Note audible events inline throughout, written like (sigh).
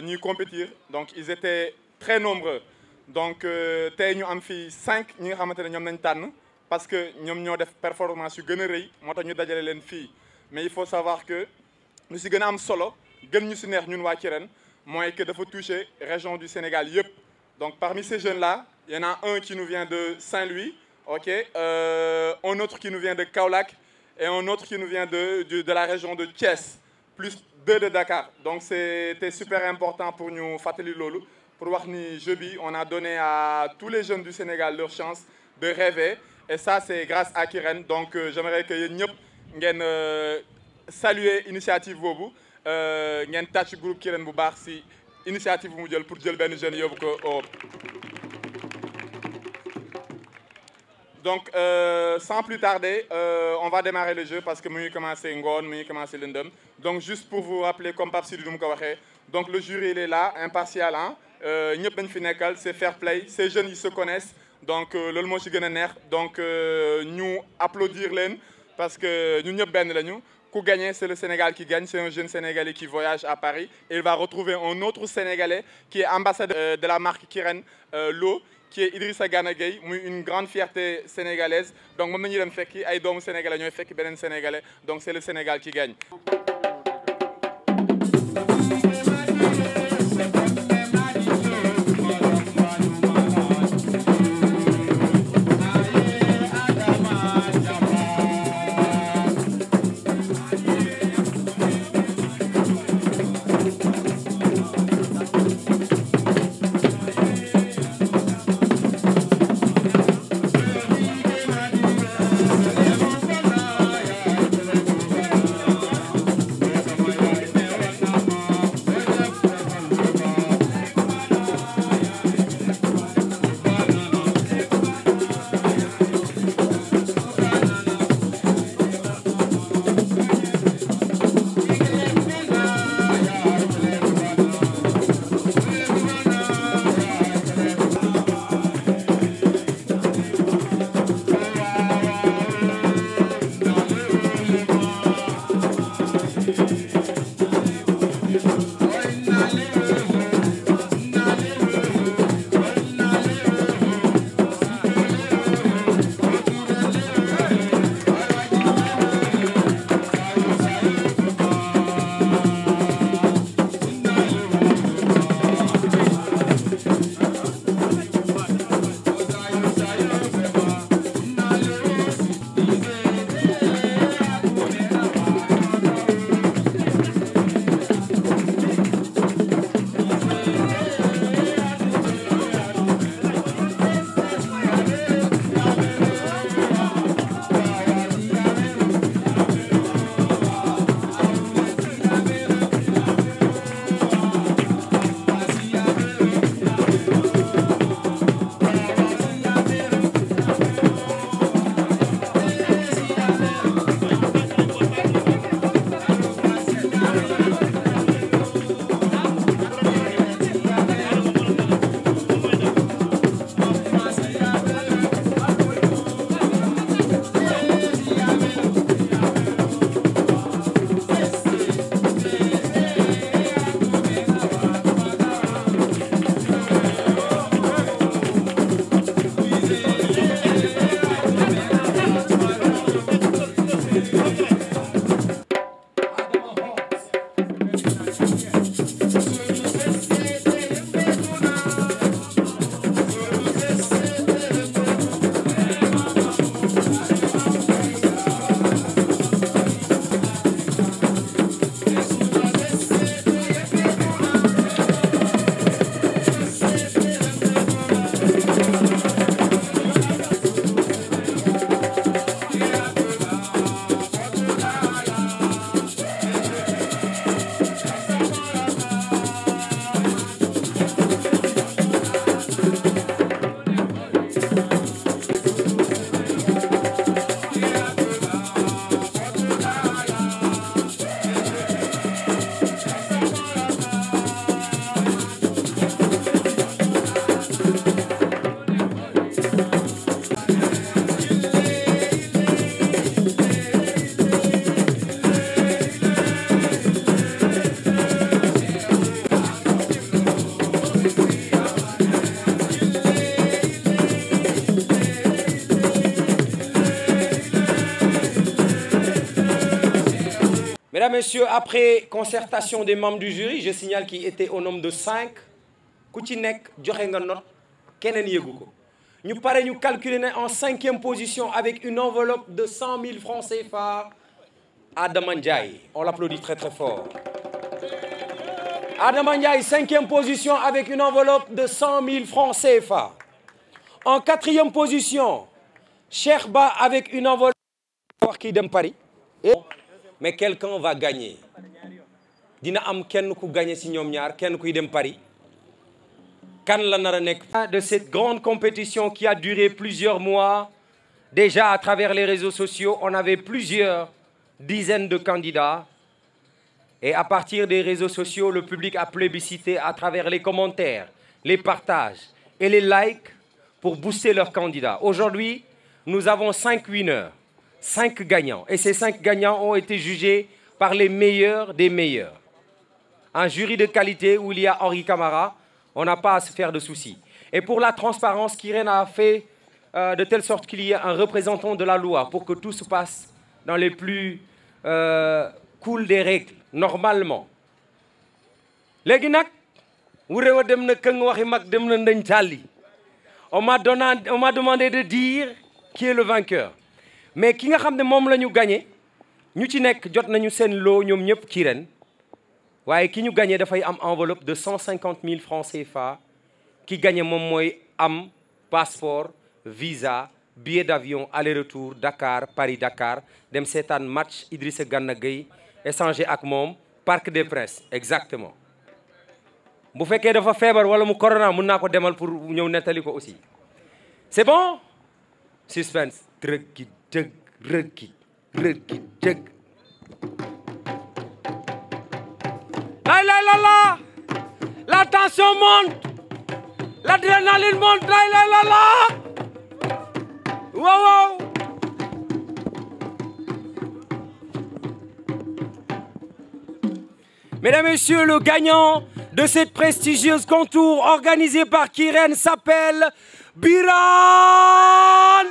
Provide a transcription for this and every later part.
ñuy compétir donc ils étaient très nombreux donc euh, tey ñu am fii cinq ñi nga xamante ne ñoom nañ tànn parce que ñoom ñoo def performance yu gën a rëy moo tax ñu dajale leen fii mais il faut savoir que lu si gën a am solo gën ñu si neex ñun waa Kirène mooy que dafa toucher région du Sénégal yëpp donc parmi ces jeunes là il y en a un qui nous vient de Saint-Louis ok euh, un autre qui nous vient de Kaolack et un autre qui nous vient de de, la région de Thiès plus deux de Dakar. Donc c'était super important pour nous, Fateli Lolo. Pour ni Wahni Jebi, on a donné à tous les jeunes du Sénégal leur chance de rêver. Et ça, c'est grâce à Kiren. Donc euh, j'aimerais que Nyop euh, saluer l'initiative Bobu. Euh, ngeen tàcc groupe Kiren bu baax si initiative bu mu jël pour jël benn jeune yóbbu ko Europe donc euh, sans plus tarder euh, on va démarrer le jeu parce que mu commencé ngoon mu ngi commencé lëndëm donc juste pour vous rappeler comme Pape du mu ko waxee donc le jury il est là impartial ah ñëpp dañ fi nekkal c'est fair play ces jeune yi se connaissent donc euh, loolu moo ci gën a neex donc euh, ñu applaudir leen parce que ñun ñëpp benn lañu ku gagné c'est le Sénégal qui gagne c'est un jeune Sénégalais qui voyage à Paris et il va retrouver un autre Sénégalais qui est ambassadeur de la qui est Idrissa Gana Gueye muy une grande fierté sénégalaise donc moom nañuy dem fekki ay doomu sénégalais ñooy fekki beneen sénégalais donc c'est le Sénégal qui gagne Mesdames, Messieurs, après concertation des membres du jury je signale qu'il était au nombre de cinq ku ci nekk joxe nga note keneen yëgu ko ñu pare ñu calculer ne en cinquième position avec une enveloppe de cent mille francs CFA Adama Ndiaye on l'applaudit très très fort cinquième position avec une enveloppe de cent mille francs CFA en quatrième position Cheikh Ba avec une enveloppe wax kii dem Paris Et... mais quelqu'un va gagner dina am kenn ku gagné ci ñoom ñaar kenn kuy dem pari kan la nar nekk nekk de cette grande compétition qui a duré plusieurs mois déjà à travers les réseaux sociaux on avait plusieurs dizaines de candidats et à partir des réseaux sociaux le public a plébiscité à travers les commentaires les partages et les likes pour booster leurs candidats aujourd'hui nous avons cinq winners cinq gagnants. Et ces cinq gagnants ont été jugés par les meilleurs des meilleurs. Un jury de qualité où il y a Henri Camara, on n'a pas à se faire de soucis. Et pour la transparence, Kiren a fait euh, de telle sorte qu'il y ait un représentant de la loi pour que tout se passe dans les plus euh, cool des règles, normalement. léegi nag wuré wa dem na këng waxi mag dem na ndañ tàlli on m'a donné on m'a demandé de dire qui est le vainqueur mais ki nga xam ne moom la ñu gagné ñu ci nekk jot nañu seen loo ñoom ñëpp ci ren waaye ki ñu gagné dafay am enveloppe de cent cinquante mille francs CFA ki gagné moom mooy am passeport visa billet d'avion aller-retour Dakar Paris Dakar dem seetaan match Idrissa ganna Gueye échanger ak moom Parc des Princes exactement bu fekkee dafa feebar wala mu corona mun naa ko demal pour ñëw nettali ko aussi c'est bon suspense jëg rëkki rëkki jëg la la la la Mesdames et messieurs, le gagnant de cette prestigieuse contour organisée par Kiren s'appelle Birane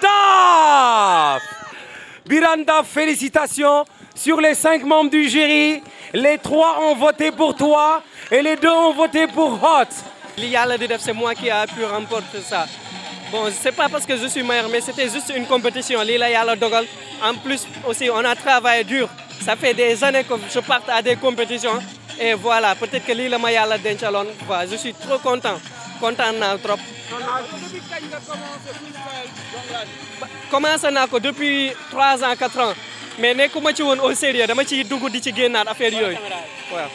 Daf Birane Daf félicitations sur les cinq membres du jury les trois ont voté pour toi et les deux ont voté pour Hot li yàlla di def c'est moi qui a pu remporter ça bon c'est pas parce que je suis meilleur mais c'était juste une compétition lii la yàlla dogal en plus aussi on a travaillé dur ça fait des années que je parte à des compétitions et voilà peut-être que lii la ma yàlla dencaloon je suis trop content kontaan naa trop. naa ko depuis trois ans quatre ans mais ma ci woon au dama ciy dugg di ci génnaat affaire yooyu waaw.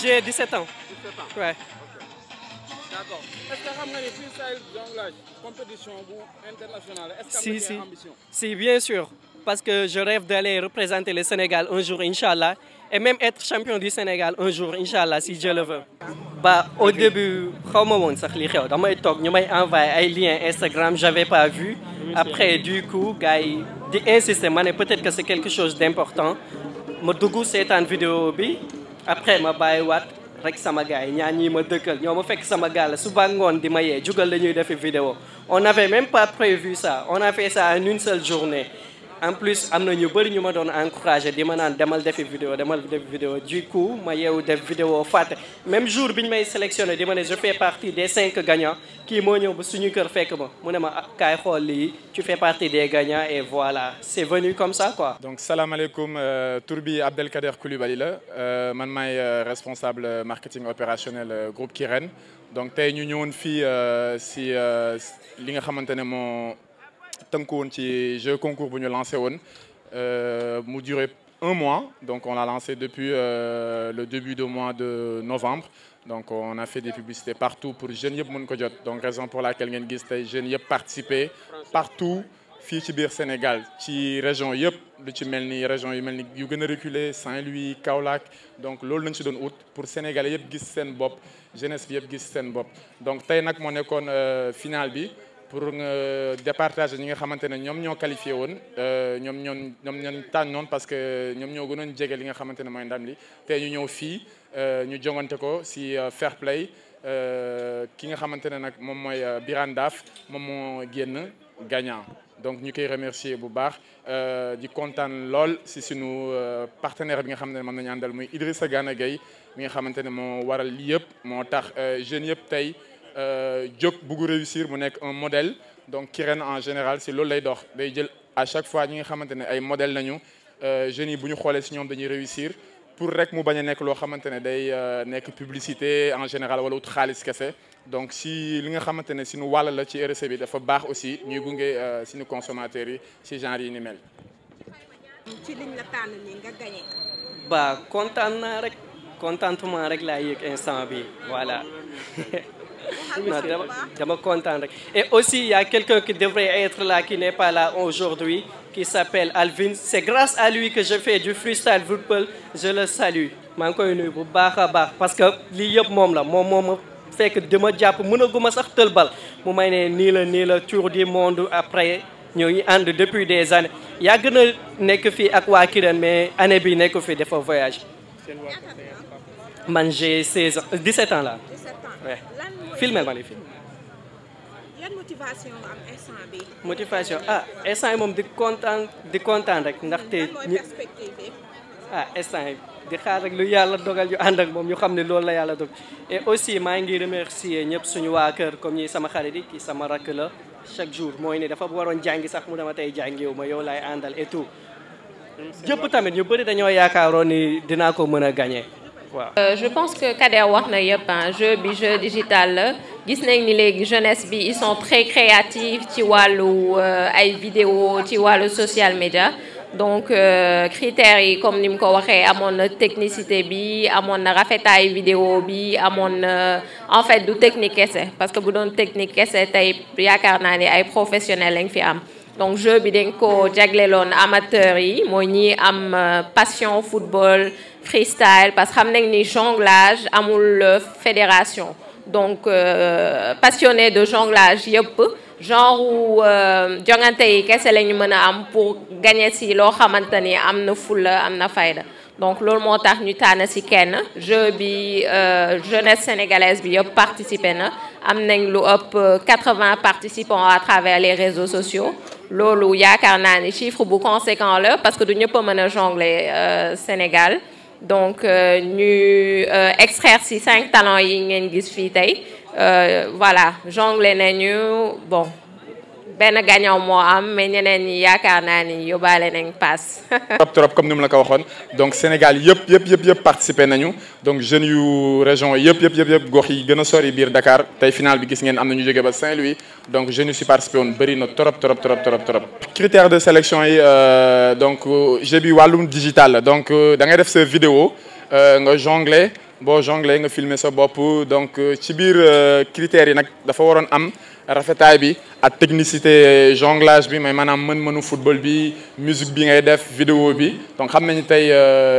j'ai 17 ans. 17 si, si. bien sûr parce que je rêve d'aller représenter le Sénégal un jour Inch'Allah et même être champion du Sénégal un jour Inch'Allah si Dieu le veut. ba au début xaw ma woon sax li xew damay toog ñu may envoyé ay lien Instagram j'avais pas vu après du coup gars yi di insister ma ne peut-être que c'est quelque chose d'important ma dugg seetaan vidéo bi après ma bàyyiwaat rek sama gars yi ñaan ñi ma dëkkal ñoo ma fekk sama gars su suba ngoon di ma yee jugal la ñuy defi vidéo on n'avait même pas prévu ça on a fait ça en une seule journée en plus am na ñu bëri ñu ma doon encouragé di ma naan demal defi vidéo demal defi vidéo du coup ma yeewu def vidéo fàtte même jour bi ñu may sélectionné di ma ne je fais partie des cinq gagnants kii moo ñëw ba suñu kër fekk ma mu ne ma ah, kaay xool lii tu fais partie des gagnants et voilà c'est venu comme ça quoi. donc salaamaaleykum euh, tur bi Abdelkader Coulibaly la euh, man maay euh, responsable marketing opérationnel groupe Kirène donc tey ñu ñëwoon fii si li nga xamante ne moo. tënku woon ci jeu concours bu ñu lancé woon euh, mu duré un mois donc on l'a lancé depuis euh, le début du mois de novembre donc on a fait des publicités partout pour jeunes yëpp mën ko jot donc raison pour laquelle ngeen gis tey jeunes yëpp participer partout fii ci biir Sénégal ci région yëpp lu ci mel ni région yu mel ni yu gën a reculé Saint-Louis Kaolack donc loolu lañ ci doon ut pour Sénégalais yëpp gis seen bopp jeunesse bi yëpp gis seen bopp donc tey nag moo nekkoon euh, finale pour nga euh, départager ñi nga xamante ne ñoom ñoo qualifié woon euh, ñoom ñoon ñoom ñoon tànnoon parce que ñoom ñoo gënoon jege li nga xamante ne mooy ndam li tey ñu ñëw fii euh, ñu jongante ko si fair play ki nga xamante ne nag moom mooy Birane Daaf moom moo génn gagnant donc ñu koy remercier bu baax di kontaan lool si sunu partenaire bi nga xam ne moom nañu àndal muy Idrissa Gana Gueye mi nga xamante ne moo waral lii yëpp moo tax jeunes yëpp tey jóg euh, bugg réussir mu nekk un modèle donc Kirène en général si loolu lay dox day jël à chaque fois ñi nga xamante ne ay modèle nañu euh, jeunes yi bu ñu xoolee si ñoom dañuy réussir pour rek mu bañ a nekk loo xamante ne day euh, nekk publicité en général wala wut xaalis kese donc si li nga xamante ne suñu wàll la ci RSE bi dafa baax aussi ñuy gunge suñu consommateurs yi ci genre yi ni mel. ba kontaan rek contentement rek laa voilà. (laughs) dama kontaan rek et aussi il y a quelqu'un qui devrait être là qui n'est pas là aujourd'hui qui s'appelle Alvin c'est grâce à lui que je fais du freestyle football je le salue maa ngi koy nuyu bu baax a baax parce que lii yëpp moom la moom moom ma fekk dama jàpp mënaguma sax tëlbal mu may ne nii la nii la tour du monde après ñooñu ànd depuis des années yàgg na nekk fii ak waa Kirène mais année bi nekk fii dafa voyage man j'ai 16 ans là filmel ma ni film yan motivation ah instant moom di kontaan di kontaan rek ndaxte ah instant yi di xaar rek lu yàlla dogal yu ànd ak moom ñu xam ne loolu la yàlla dogal et aussi maa ngi remercier ñëpp suñu waa kër comme ñi sama xarit yi kii sama rakk la chaque jour mooy ne dafa waroon jàngi sax mu dama tey jàngiwu ma yow laay àndal et tout jëpp tamit ñu bari dañoo yaakaaroon ni dinaa ko mën a gagné waaw. Euh, je pense que Kader wax na yëpp ah jeu bi jeu digital la gis nañ ni léegi jeunesse bi ils sont très créatifs ci wàllu euh, ay vidéo ci wàllu social media. donc euh, critères yi comme ni mu ko waxee amoon na technicité bi amoon na rafetaay vidéo bi amoon na en fait du technique kese parce que bu doon technique kese tey yaakaar naa ni ay professionnels lañ fi am. donc jeu bi dañ ko jagleloon amateurs yi mooy ñi am euh, passion football freestyle parce que xam nañ ni jonglage amul euh, fédération donc euh, passionné de jonglage yëpp genre wu jongante yi kese lañu mën a am pour gagner si loo xamante ni am na fulla am na fayda donc loolu moo tax ñu tànn si kenn jeu bi jeunesse sénégalaise bi yëpp participer na am nañ lu ëpp 80 participants à travers les réseaux sociaux loolu yaakaar naa ni chiffre bu conséquent la parce que du ñëpp a mën a jongler euh, Sénégal donc euh, ñu euh, extraire ci cinq talents yi ngeen gis fii tey voilà jongler nañu bon benn gagnant moo am mais ñeneen yaakaar naa ni yóbbaale nañ paas. (laughs) trop trop comme ni mu la ko waxoon donc Sénégal yëpp yëpp yëpp yëpp participé nañu donc jeunes yu région yëpp yëpp yëpp yëpp gox yi gën a sori biir Dakar tey final bi gis ngeen am na ñu jóge ba Saint-Louis donc jeunes yu si participé woon bëri na trop trop trop trop trop. critères de sélection yi euh, donc euh, jeu bi wàllum digital la donc euh, da ngay def se vidéo. Euh, nga jongle boo jongle nga filmer sa bopp donc euh, ci biir euh, critères yi nag dafa waroon am rafetaay bi ak technicité jonglage bi mais maanaam mën-mënu football bi musique bi ngay def vidéo bi donc xam nañu tey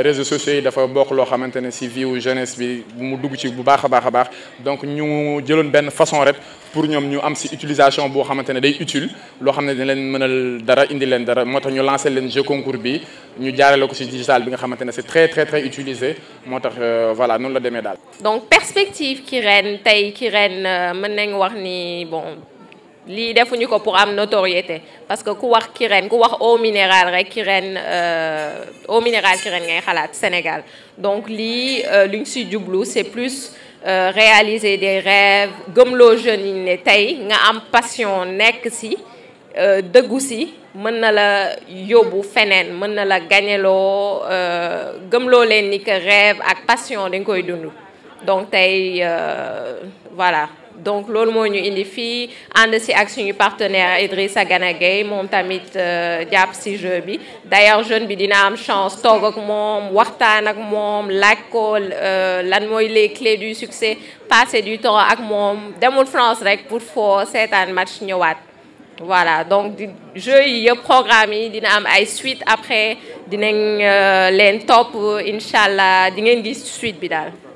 réseaux sociaux yi dafa bokk loo xamante ne si vie jeunesse bi mu dugg ci bu baax a baax a baax donc ñu jëloon benn façon rek pour ñoom ñu am si utilisation boo xamante ne day utile loo xam ne dina leen mënal dara indi leen dara moo tax ñu lancé leen jeu concours bi ñu jaarale ko si digital bi nga xamante ne c'est très très très utilisé moo tax euh, voilà noonu la demee daal. donc perspective ki ren tey ki ren euh, mën nañu wax ni bon lii defuñu ko pour am notoriété parce que ku wax ki ren ku wax eau minérale rek ki ren euh, eau minérale ki ren ngay xalaat Sénégal donc lii luñ si jublu c'est plus. Euh, réaliser des rêves gëmloo jeunes yi ne tey nga am passion nekk si euh, dëggu si mën na la yóbbu feneen mën na la gañeloo euh, gëmloo leen ni que rêve ak passion dañ koy dund donc tey voilà donc loolu moo ñu indi fii ànd si ak suñu partenaire Idrissa Gana moom tamit euh, jàpp si jeu bi d'ailleurs jeune bi dina am chance toog ak moom waxtaan ak moom laaj ko euh, lan mooy les clés du succès passer du temps ak moom demul France rek pour foo seetaan match ñëwaat voilà donc di jeu yi yëpp programme yi dina am ay suite après dinañ euh, leen topp incha allah di ngeen gis suite bi daal